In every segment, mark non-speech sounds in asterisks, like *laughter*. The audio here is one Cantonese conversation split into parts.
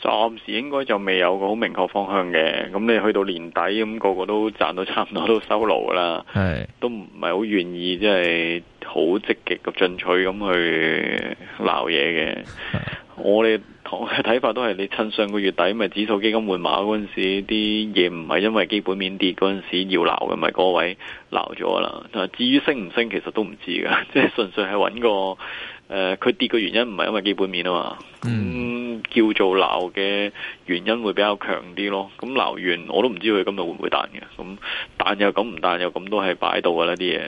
暫時應該就未有個好明確方向嘅，咁你去到年底咁個個都賺到差唔多都收爐噶啦，係的都唔係好願意，即係好積極咁進取咁去撈嘢嘅。的我哋同嘅睇法都係你趁上個月底咪指數基金換馬嗰陣時，啲嘢唔係因為基本面跌嗰陣時要撈嘅，咪個位撈咗啦。至於升唔升，其實都唔知噶，即係純粹係揾個。誒，佢、呃、跌嘅原因唔係因為基本面啊嘛，咁、嗯、叫做鬧嘅原因會比較強啲咯。咁、嗯、鬧完我都唔知佢今日會唔會彈嘅，咁、嗯、彈又咁，唔彈又咁，都係擺到噶啦啲嘢。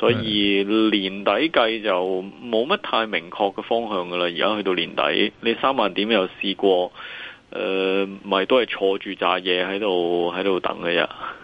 所以年底計就冇乜太明確嘅方向噶啦。而家去到年底，你三萬點又試過，誒、呃，咪都係坐住炸嘢喺度，喺度等嘅咋。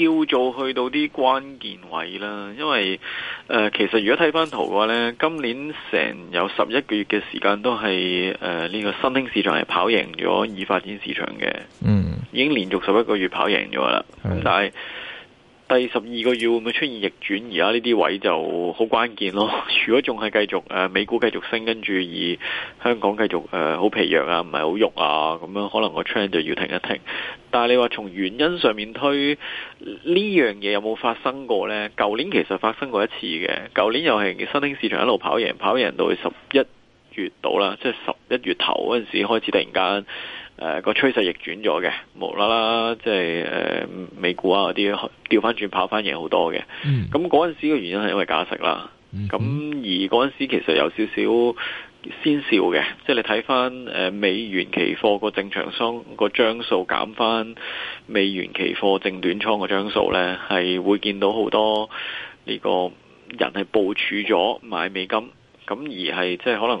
叫做去到啲關鍵位啦，因為誒、呃、其實如果睇翻圖嘅話咧，今年成有十一個月嘅時間都係誒，呢、呃這個新興市場係跑贏咗已發展市場嘅，嗯，mm. 已經連續十一個月跑贏咗啦，咁、mm. 但係。第十二個月會唔會出現逆轉？而家呢啲位就好關鍵咯。如果仲係繼續誒、呃、美股繼續升，跟住而香港繼續誒好、呃、疲弱啊，唔係好郁啊，咁樣可能個 trend 就要停一停。但係你話從原因上面推呢樣嘢有冇發生過呢？舊年其實發生過一次嘅，舊年又係新興市場一路跑贏，跑贏到十一月度啦，即係十一月頭嗰陣時開始突然間，誒、啊、個趨勢逆轉咗嘅，無啦啦即係誒、呃、美股啊嗰啲調翻轉跑翻贏好多嘅。咁嗰陣時嘅原因係因為加息啦。咁、mm hmm. 而嗰陣時其實有少少先兆嘅，即係你睇翻誒美元期貨個正長倉個張數減翻美元期貨正短倉個張數呢，係會見到好多呢個人係部署咗買美金。咁而係即係可能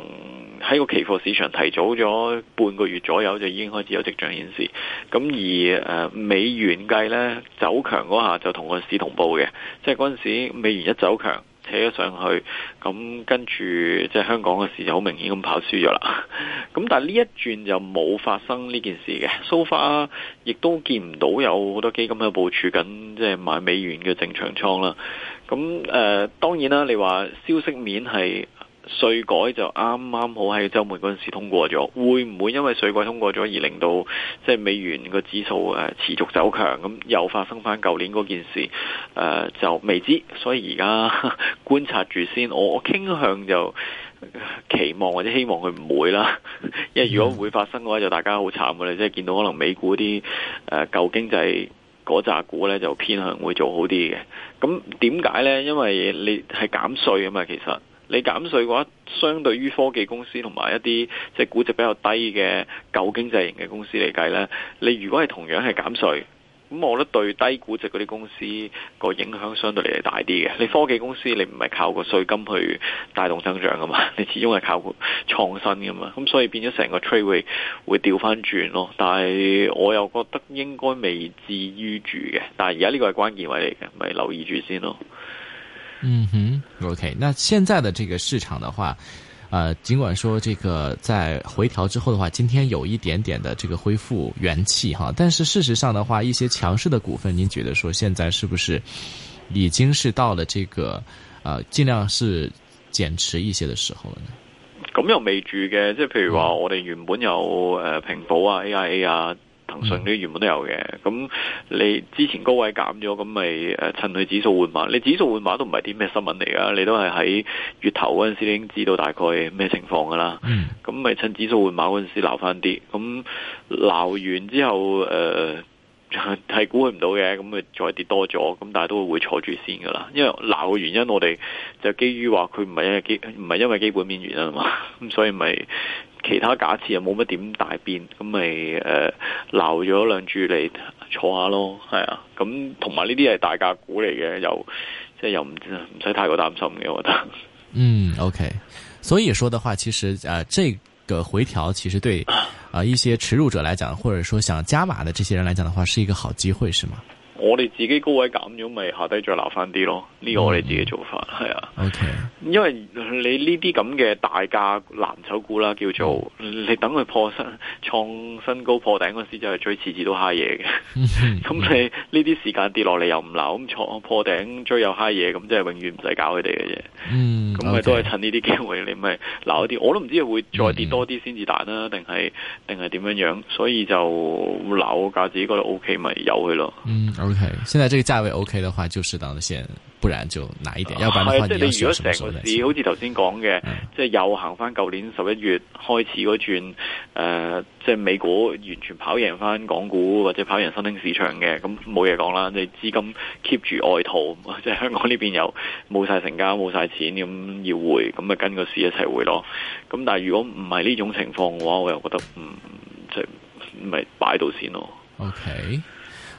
喺個期貨市場提早咗半個月左右就已經開始有跡象顯示。咁而誒美元計呢，走強嗰下就同個市同步嘅，即係嗰陣時美元一走強扯咗上去，咁跟住即係香港嘅市就好明顯咁跑輸咗啦。咁但係呢一轉就冇發生呢件事嘅，So far，亦都見唔到有好多基金喺度部署緊即係買美元嘅正常倉啦。咁、啊、誒當然啦，你話消息面係。稅改就啱啱好喺週末嗰陣時通過咗，會唔會因為稅改通過咗而令到即係美元個指數、呃、持續走強？咁又發生返舊年嗰件事誒、呃，就未知，所以而家觀察住先。我我傾向就、呃、期望或者希望佢唔會啦，因為如果會發生嘅話，就大家好慘嘅啦。即係見到可能美股啲誒舊經濟嗰扎股呢，就偏向會做好啲嘅。咁點解呢？因為你係減稅啊嘛，其實。你減稅嘅話，相對於科技公司同埋一啲即係估值比較低嘅舊經濟型嘅公司嚟計呢，你如果係同樣係減稅，咁我覺得對低估值嗰啲公司個影響相對嚟係大啲嘅。你科技公司你唔係靠個稅金去帶動增長噶嘛，你始終係靠個創新噶嘛，咁所以變咗成個趨勢會掉翻轉咯。但係我又覺得應該未至於住嘅，但係而家呢個係關鍵位嚟嘅，咪留意住先咯。嗯哼，OK。那現在的這個市場的話，呃，儘管說這個在回調之後的話，今天有一點點的這個恢復元氣哈，但是事實上的話，一些強勢的股份，您覺得說現在是不是已經是到了這個呃盡量是減持一些的時候了呢？咁又未住嘅，即係譬如話，我哋原本有呃平保啊，AIA 啊。騰訊呢啲原本都有嘅，咁你之前高位減咗，咁咪趁佢指數換馬？你指數換馬都唔係啲咩新聞嚟噶，你都係喺月頭嗰陣時你已經知道大概咩情況噶啦。咁咪、嗯、趁指數換馬嗰陣時鬧翻啲，咁鬧完之後誒係估佢唔到嘅，咁咪再跌多咗，咁但係都會坐住先噶啦。因為鬧嘅原因，我哋就基於話佢唔係因為基唔係因為基本面原因啊嘛，咁所以咪、就是。其他假設又冇乜點大變，咁咪誒撈咗兩注嚟坐下咯，係啊，咁同埋呢啲係大價股嚟嘅，又即係又唔唔使太過擔心嘅，我覺得嗯。嗯，OK，所以說的話，其實誒、呃、這個回調，其實對啊、呃、一些持入者嚟講，或者說想加碼嘅這些人嚟講的話，是一個好機會，是嗎？我哋自己高位減咗，咪下低再撈返啲咯。呢個我哋自己做法，係啊。因為你呢啲咁嘅大價藍籌股啦，叫做你等佢破新創新高破頂嗰時，就係追次次都嗨嘢嘅。咁你呢啲時間跌落嚟又唔撈，咁創破頂追又嗨嘢，咁即係永遠唔使搞佢哋嘅啫。咁咪都係趁呢啲機會，你咪撈一啲。我都唔知會再跌多啲先至彈啦，定係定係點樣樣。所以就撈個價自己覺得 O K，咪有佢咯。O K，現在這個價位 O、OK、K 的話就適當先，不然就拿一點，要不然的話、哦、的你，你如果成個市好似頭先講嘅，嗯、即係又行翻舊年十一月開始嗰轉，誒、呃，即係美股完全跑贏翻港股或者跑贏新興市場嘅，咁冇嘢講啦。你資金 keep 住外逃，即係香港呢邊又冇晒成交冇晒錢，咁要回，咁咪跟個市一齊回咯。咁、嗯、但係如果唔係呢種情況嘅話，我又覺得唔，即係咪擺到先咯。O K。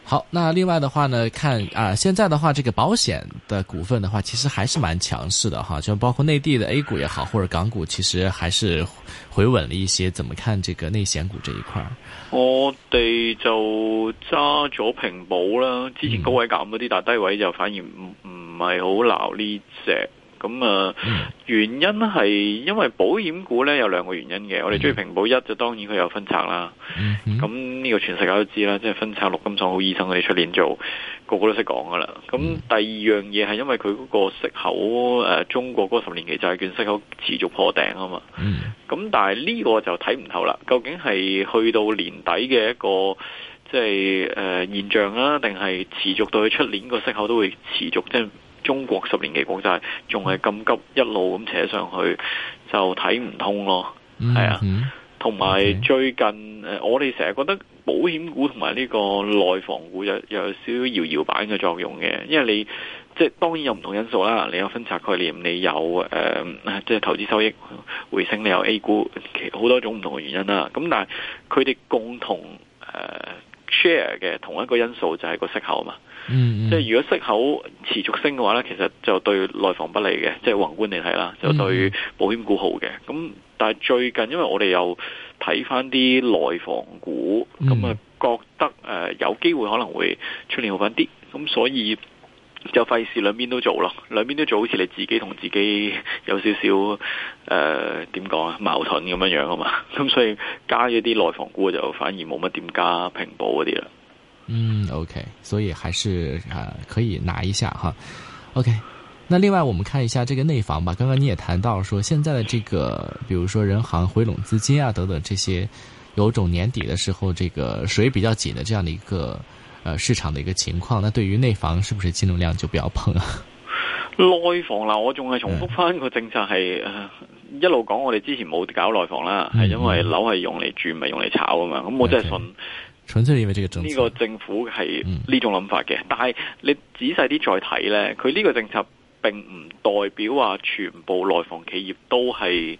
好，那另外的話呢，看啊、呃，現在的話，這個保險的股份的話，其實還是蠻強勢的哈，就包括內地的 A 股也好，或者港股，其實還是回穩了一些。怎麼看這個內險股這一塊？我哋就揸咗平保啦，之前高位減咗啲，但低位就反而唔唔係好鬧呢隻。咁啊，嗯、原因係因為保險股咧有兩個原因嘅，嗯、我哋中意平保一就當然佢有分拆啦。咁呢、嗯嗯嗯、個全世界都知啦，即係分拆陸金所好醫生佢哋出年做，個個都識講噶啦。咁、嗯、第二樣嘢係因為佢嗰個息口誒、呃、中國嗰十年期債券息口持續破頂啊嘛。咁、嗯嗯、但係呢個就睇唔透啦，究竟係去到年底嘅一個即係誒、呃呃、現象啊，定係持續到佢出年個息口都會持續即係？中國十年期國債仲係咁急，一路咁扯上去，就睇唔通咯，係、mm hmm. 啊。同埋最近、mm hmm. 呃、我哋成日覺得保險股同埋呢個內房股有有少少搖搖板嘅作用嘅，因為你即係當然有唔同因素啦，你有分拆概念，你有誒、呃、即係投資收益回升，你有 A 股，好多種唔同嘅原因啦。咁但係佢哋共同誒、呃、share 嘅同一個因素就係個息口嘛。嗯，即、嗯、係如果息口持續升嘅話咧，其實就對內房不利嘅，即係宏觀嚟睇啦，就對保險股好嘅。咁、嗯、但係最近，因為我哋又睇翻啲內房股，咁啊、嗯、覺得誒、呃、有機會可能會出年好翻啲，咁所以就費事兩邊都做咯，兩邊都做好似你自己同自己有少少誒，點講啊，矛盾咁樣樣啊嘛，咁所以加咗啲內房股就反而冇乜點加平保嗰啲啦。嗯，OK，所以還是啊、呃、可以拿一下哈，OK，那另外我們看一下這個內房吧。剛剛你也談到說，現在的這個，比如說人行回籠資金啊，等等這些，有種年底的時候這個水比較緊的這樣的一個，呃市場的一個情況。那對於內房，是不是進入量就比較碰啊？內房啦，我仲係重複返個政策係，嗯、一路講我哋之前冇搞內房啦，係、嗯、因為樓係用嚟住唔係用嚟炒啊嘛，咁我真係信。純粹因為呢個政府係呢種諗法嘅，嗯、 *noise* 但係你仔細啲再睇呢，佢呢個政策並唔代表話全部內房企業都係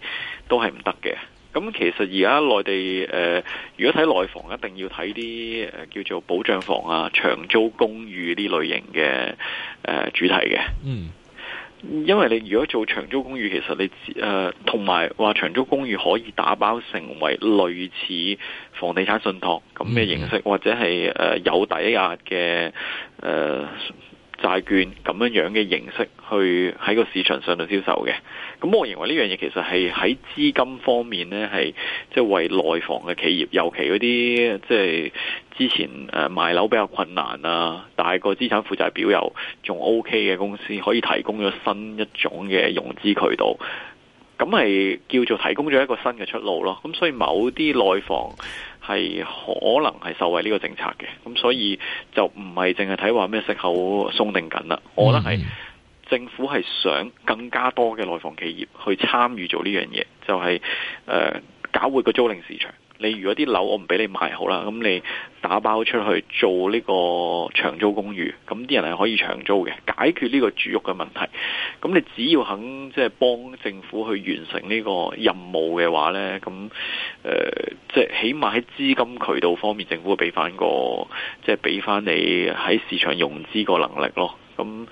都係唔得嘅。咁其實而家內地誒、呃，如果睇內房，一定要睇啲誒叫做保障房啊、長租公寓呢類型嘅誒、呃、主題嘅。嗯。因為你如果做長租公寓，其實你誒、同埋話長租公寓可以打包成為類似房地產信託咁嘅形式，mm hmm. 或者係誒、呃、有抵押嘅誒。呃債券咁樣樣嘅形式去喺個市場上度銷售嘅，咁我認為呢樣嘢其實係喺資金方面呢係即係為內房嘅企業，尤其嗰啲即係之前誒賣樓比較困難啊，但係個資產負債表又仲 OK 嘅公司，可以提供咗新一種嘅融資渠道，咁係叫做提供咗一個新嘅出路咯。咁所以某啲內房。係可能係受惠呢個政策嘅，咁所以就唔係淨係睇話咩息口鬆定緊啦。嗯、我覺得係政府係想更加多嘅內房企業去參與做呢樣嘢，就係、是、誒、呃、搞活個租賃市場。你如果啲樓我唔俾你賣好啦，咁你打包出去做呢個長租公寓，咁啲人係可以長租嘅，解決呢個住屋嘅問題。咁你只要肯即係幫政府去完成呢個任務嘅話呢，咁誒即係起碼喺資金渠道方面，政府俾翻個即係俾翻你喺市場融資個能力咯。咁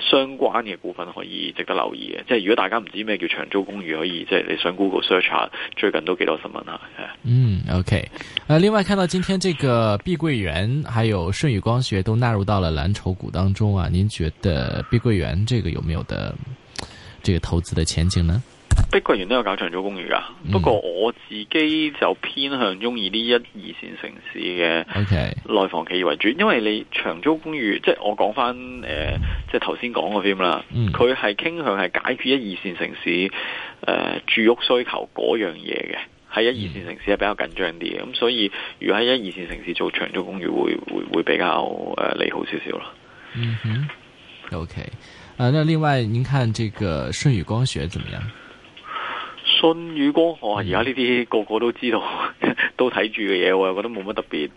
相關嘅股份可以值得留意嘅，即係如果大家唔知咩叫長租公寓，可以即係、就是、你上 Google search 下最近都幾多新聞嚇。嗯，OK。啊，另外看到今天這個碧桂園，還有舜宇光學都納入到了藍籌股當中啊，您覺得碧桂園這個有沒有的這個投資的前景呢？碧桂園都有搞長租公寓噶，嗯、不過我自己就偏向中意呢一二線城市嘅內房企業為主，Okay. 因為你長租公寓，即係我講翻誒、呃，即係頭先講嗰啲啦，佢係、嗯、傾向係解決一二線城市誒、呃、住屋需求嗰樣嘢嘅，喺一二線城市係比較緊張啲嘅，咁、嗯、所以如果喺一二線城市做長租公寓會會會比較誒、呃、利好少少咯。嗯哼，OK，啊，另外，您看這個舜宇光學怎麼樣？信宇光，我而家呢啲個個都知道，都睇住嘅嘢，我又覺得冇乜特別，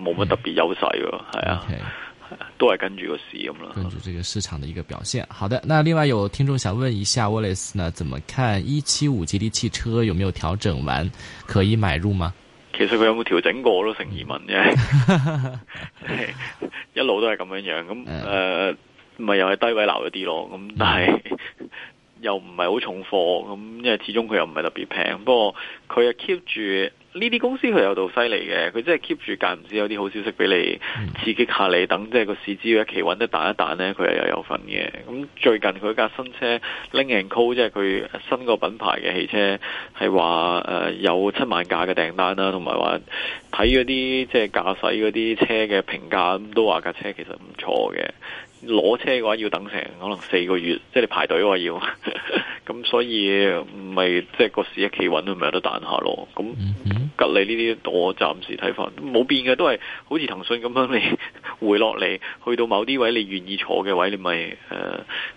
冇乜特別優勢，係啊，Okay. 都係跟住個市咁啦。跟住這個市場嘅一個表現。好的，那另外有聽眾想問一下，Wallace 呢，怎麼看一七五吉利汽車有沒有調整完，可以買入嗎？其實佢有冇調整過都成疑問嘅。 *laughs* *laughs* 一路都係咁樣樣，咁誒，咪、呃嗯、又係低位留一啲咯，咁但係。嗯又唔係好重貨，咁因為始終佢又唔係特別平，不過佢又 keep 住呢啲公司佢又度犀利嘅，佢真係 keep 住間唔時有啲好消息俾你刺激下你，等即係個市只要一企穩得彈一彈呢，佢又又有份嘅。咁、嗯、最近佢架新車 *noise* Lynk & Co，即係佢新個品牌嘅汽車，係話誒有七萬架嘅訂單啦，同埋話睇嗰啲即係駕駛嗰啲車嘅評價，都話架車其實唔錯嘅。攞車嘅話要等成可能四個月，即係你排隊嘅話要，咁 *laughs* 所以咪，即係個市一企穩都唔有得彈下咯。咁隔籬呢啲我暫時睇法冇變嘅，都係好似騰訊咁樣，你回落嚟，去到某啲位你願意坐嘅位，你咪誒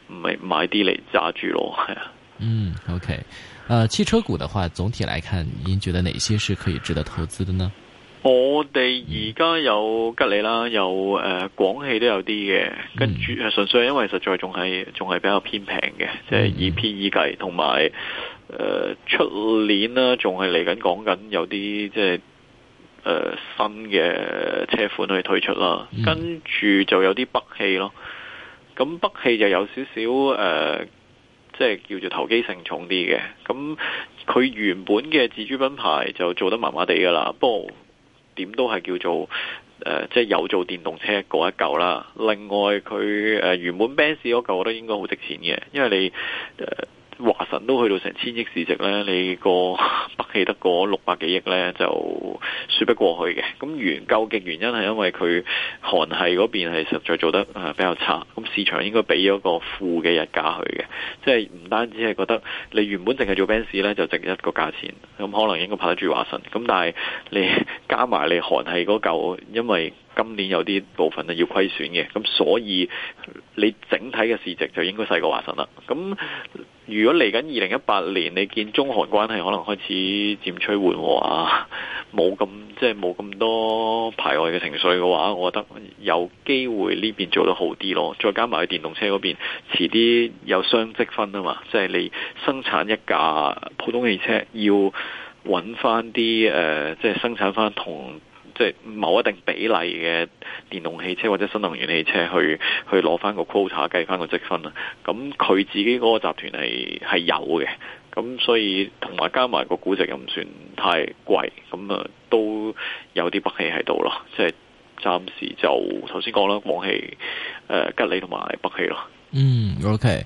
唔係買啲嚟揸住咯。係啊、嗯。嗯，OK，誒、uh，汽車股嘅話，總體嚟看，您覺得哪些是可以值得投資的呢？我哋而家有吉利啦，有誒廣汽都有啲嘅，跟住純粹因為實在仲係仲係比較偏平嘅，即係以 PE 計，同埋出年啦，仲係嚟緊講緊有啲即係誒、呃、新嘅車款去推出啦，跟住就有啲北汽咯，咁北汽就有少少誒、呃，即係叫做投機性重啲嘅，咁佢原本嘅自主品牌就做得麻麻地噶啦，不過。點都係叫做誒、呃，即係有做電動車嗰一舊啦。另外，佢、呃、誒原本 Benz 嗰嚿，我覺得應該好值錢嘅，因為你誒。呃華晨都去到成千億市值呢，你個北汽得個六百幾億呢，就說不過去嘅。咁原究竟原因係因為佢韓系嗰邊係實在做得比較差，咁市場應該俾咗個負嘅日價去嘅，即係唔單止係覺得你原本淨係做 Benz 呢，就值一個價錢，咁可能應該拍得住華晨。咁但係你加埋你韓系嗰嚿，因為。今年有啲部分呢要虧損嘅，咁所以你整體嘅市值就應該細過華晨啦。咁如果嚟緊二零一八年，你見中韓關係可能開始漸趨緩和啊，冇咁即係冇咁多排外嘅情緒嘅話，我覺得有機會呢邊做得好啲咯。再加埋電動車嗰邊，遲啲有雙積分啊嘛，即係你生產一架普通汽車要揾翻啲誒，即係生產翻同。即係某一定比例嘅電動汽車或者新能源汽車去去攞翻個 quota 計翻個積分啦，咁佢自己嗰個集團係係有嘅，咁所以同埋加埋個估值又唔算太貴，咁啊都有啲北汽喺度咯，即係暫時就頭先講啦，廣汽、呃、吉利同埋北汽咯。嗯，OK。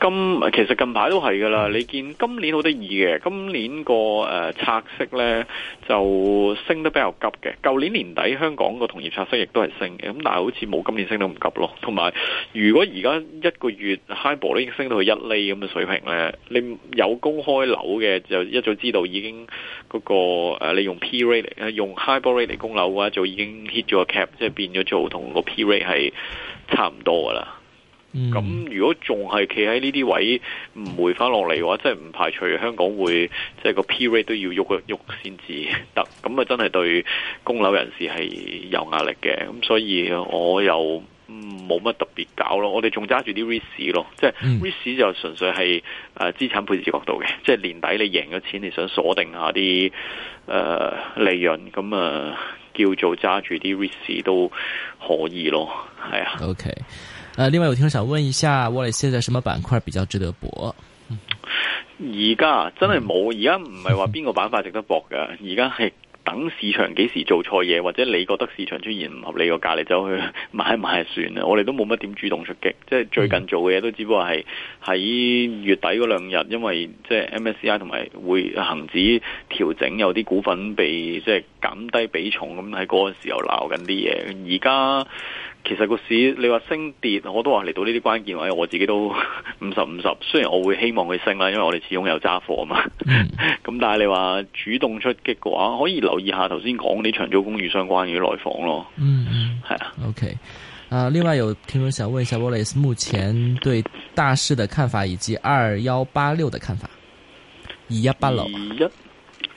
今其實近排都係噶啦，你見今年好得意嘅，今年個誒拆息咧就升得比較急嘅。舊年年底香港個同業拆息亦都係升，嘅，咁但係好似冇今年升到咁急咯。同埋如果而家一個月、mm hmm. high bor 已經升到去一厘咁嘅水平咧，你有公開樓嘅就一早知道已經嗰、那個、呃、你用 p rate 用 high bor rate 嚟供樓嘅話，就已經 hit 咗個 cap，即係變咗做同個 p rate 係差唔多噶啦。咁、嗯、如果仲係企喺呢啲位唔回翻落嚟嘅話，即係唔排除香港會即係個 P rate 都要喐一喐先至得，咁啊真係對供樓人士係有壓力嘅。咁所以我又冇乜特別搞咯，我哋仲揸住啲 risk 咯，即係 risk 就純粹係誒資產配置角度嘅，即係年底你贏咗錢，你想鎖定一下啲誒、呃、利潤，咁啊叫做揸住啲 risk 都可以咯，係啊。OK。另外有聽眾想問一下，我哋現在什麼板塊比較值得搏？而家真係冇，而家唔係話邊個板塊值得搏嘅，而家係等市場幾時做錯嘢，或者你覺得市場出現唔合理個價，你走去買一買就算啦。我哋都冇乜點主動出擊，即係最近做嘅嘢都只不過係喺月底嗰兩日，因為即係 MSCI 同埋會恒指調整，有啲股份被即係減低比重，咁喺嗰個時候鬧緊啲嘢。而家。其實個市你話升跌，我都話嚟到呢啲關鍵位，我自己都五十五十。雖然我會希望佢升啦，因為我哋始終有揸貨啊嘛。咁、嗯、但係你話主動出擊嘅話，可以留意下頭先講啲長租公寓相關嘅內房咯。嗯嗯，係啊。嗯、OK。啊，另外有聽眾想問一下 Wallace 目前對大市嘅看法以及二幺八六嘅看法。二一八六，二一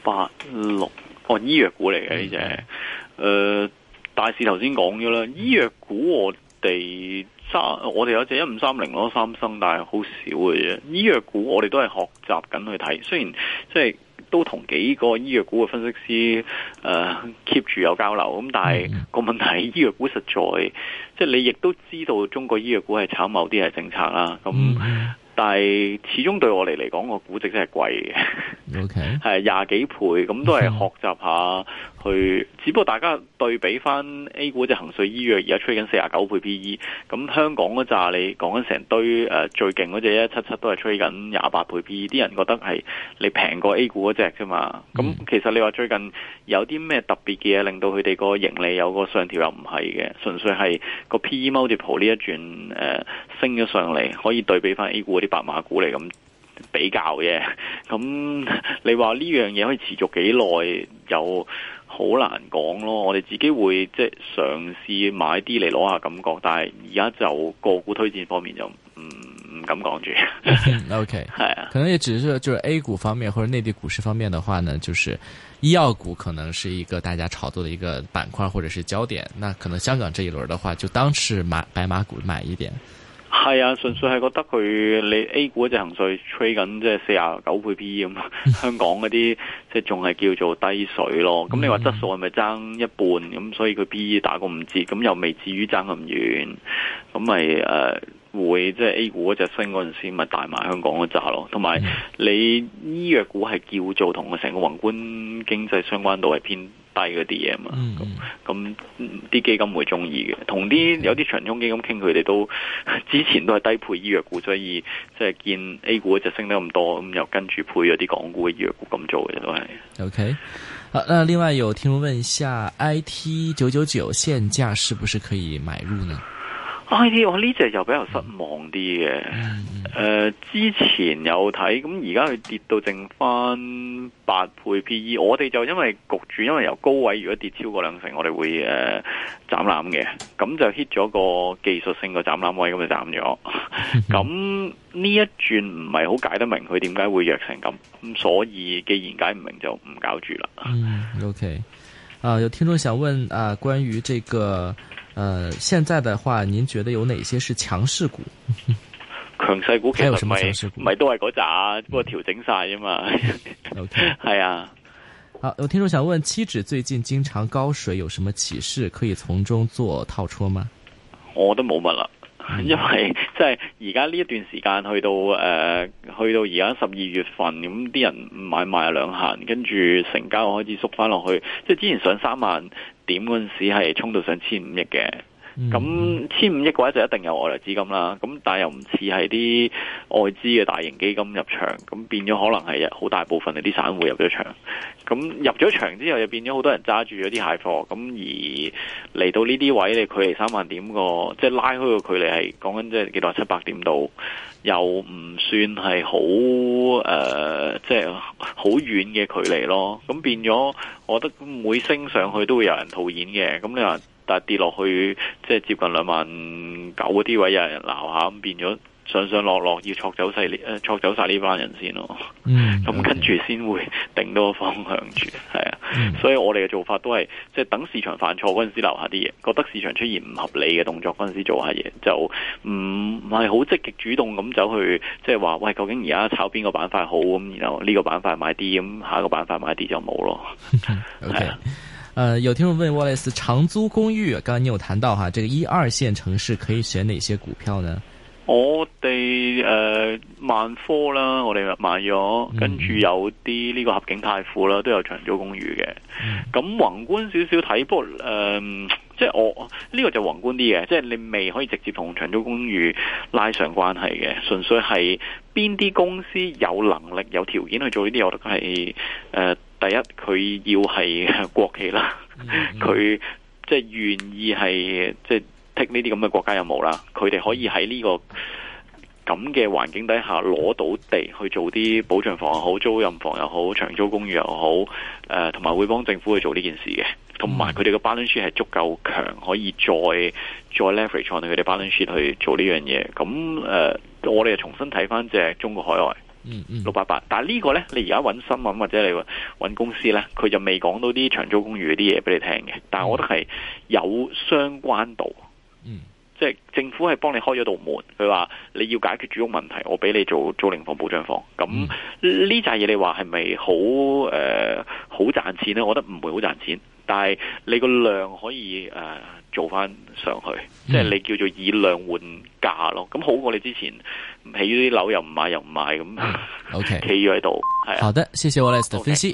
八六，按、哦、醫藥股嚟嘅呢隻，誒、嗯。嗯呃大市頭先講咗啦，醫藥股我哋三，我哋有一隻一五三零咯，三生，但係好少嘅啫。醫藥股我哋都係學習緊去睇，雖然即係都同幾個醫藥股嘅分析師誒 keep 住有交流，咁但係個、嗯、問題，醫藥股實在即係你亦都知道，中國醫藥股係炒某啲係政策啦，咁但係、嗯、始終對我哋嚟講，個估值真係貴嘅。O K，係廿幾倍，咁都係學習下。去，只不過大家對比翻 A 股隻恒瑞醫藥而家吹緊四十九倍 P E，咁香港嗰扎你講緊成堆誒、呃、最勁嗰隻一一七七都係吹緊廿八倍 P E，啲人覺得係你平過 A 股嗰隻啫嘛。咁、嗯、其實你話最近有啲咩特別嘅嘢令到佢哋個盈利有個上調又唔係嘅，純粹係個 P E multiple 呢一轉誒、呃、升咗上嚟，可以對比翻 A 股嗰啲白馬股嚟咁比較嘅。咁 *laughs* 你話呢樣嘢可以持續幾耐有。好難講咯，我哋自己會即係嘗試買啲嚟攞下感覺，但係而家就個股推薦方面就唔唔、嗯、敢講住。OK，係 okay. *laughs* 啊，可能也只是就是 A 股方面或者內地股市方面的話呢，就是醫、e、藥股可能是一個大家炒作的一個板塊或者是焦點。那可能香港這一輪的話，就當是買白馬股買一點。係啊，純粹係覺得佢你 A 股嗰隻恒瑞吹緊，即係四十九倍 PE 咁、嗯， *laughs* 香港嗰啲即係仲係叫做低水咯。咁、嗯、你話質素係咪爭一半咁？所以佢 PE 打個五折，咁又未至於爭咁遠。咁咪誒會即係 A 股嗰隻升嗰陣時，咪、就是、大埋香港嗰紮咯。同埋你醫藥股係叫做同佢成個宏觀經濟相關度係偏。低嗰啲嘢嘛，咁啲、嗯嗯、基金會中意嘅。同啲 Okay. 有啲長中基金傾，佢哋都之前都係低配醫藥股，所以即係見 A 股就升得咁多，咁又跟住配咗啲港股嘅醫藥股咁做嘅都係。OK，好、啊，另外有聽眾問下，IT 九九九現價是不是可以買入呢？I T 我呢隻又比較失望啲嘅，誒、呃、之前有睇，咁而家佢跌到剩翻八倍 PE，我哋就因為焗住，因為由高位如果跌超過兩成，我哋會誒、呃、斬攬嘅，咁就 hit 咗個技術性個斬攬位咁就斬咗。咁呢 *laughs* 一轉唔係好解得明佢點解會弱成咁，咁所以既然解唔明就唔搞住啦。嗯、o、okay. k 啊有聽眾想問啊關於這個。呃，現在的話，您覺得有哪些是強勢股？強勢股其實唔係？唔係都係嗰扎，不過調整晒啊嘛。OK，係啊。好，有聽眾想問，期指最近經常高水，有什麼啟示可以從中做套戳嗎？我都冇乜啦。因為即係而家呢一段時間去到誒、呃，去到而家十二月份，咁啲人買賣兩行，跟住成交開始縮翻落去。即係之前上三萬點嗰陣時，係衝到上千五億嘅。咁、嗯、千五億嘅話就一定有外嚟資金啦，咁但係又唔似係啲外資嘅大型基金入場，咁變咗可能係好大部分嘅啲散戶入咗場，咁入咗場之後就變咗好多人揸住咗啲蟹貨，咁而嚟到呢啲位，你距離三萬點個即係拉開個距離係講緊即係幾多七百點度，又唔算係好誒，即係好遠嘅距離咯，咁變咗，我覺得每升上去都會有人套現嘅，咁你話？但係跌落去，即係接近兩萬九嗰啲位，有人鬧下，咁變咗上上落落，要撮走細呢，撮走晒呢班人先咯。咁、 *laughs* 嗯、okay. 跟住先會定到個方向住，係啊。嗯、所以我哋嘅做法都係，即係等市場犯錯嗰陣時留下啲嘢，覺得市場出現唔合理嘅動作嗰陣時做下嘢，就唔唔係好積極主動咁走去，即係話喂，究竟而家炒邊個板塊好咁？然後呢個板塊買啲，咁下個板塊買啲就冇咯。係 *laughs* Okay. 啊。呃，有聽眾問 Wallace，長租公寓，剛剛你有談到哈，這個一二線城市可以選哪些股票呢？我哋誒萬科啦，我哋賣咗，跟住有啲呢個合景泰富啦，都有長租公寓嘅。咁、嗯、宏觀少少睇，不過誒、呃，即係我呢、這個就宏觀啲嘅，即係你未可以直接同長租公寓拉上關係嘅，純粹係邊啲公司有能力、有條件去做呢啲，我覺得係誒第一，佢要係國企啦，佢、嗯嗯、即係願意係即係。Take 呢啲咁嘅國家任務啦，佢哋可以喺呢個咁嘅環境底下攞到地去做啲保障房又好，租賃房又好，長租公寓又好，誒，同埋會幫政府去做呢件事嘅。同埋佢哋嘅 balance sheet 係足夠強，可以再再 leverage 喺佢哋 balance sheet 去做呢樣嘢。咁誒，我哋又重新睇翻隻中國海外，六八八。但係呢個呢，你而家揾新聞或者你揾公司呢，佢就未講到啲長租公寓嗰啲嘢俾你聽嘅。但係我覺得係有相關度。即政府係幫你開咗道門，佢話你要解決住屋問題，我俾你做租賃房、保障房。咁、嗯呃、呢扎嘢，你話係咪好，誒，好賺錢咧？我覺得唔會好賺錢，但係你個量可以誒、呃、做翻上去，嗯、即係你叫做以量換價咯。咁好過你之前起啲樓又唔買又唔買咁。O K 企喺度係好的，謝謝我 a Okay . l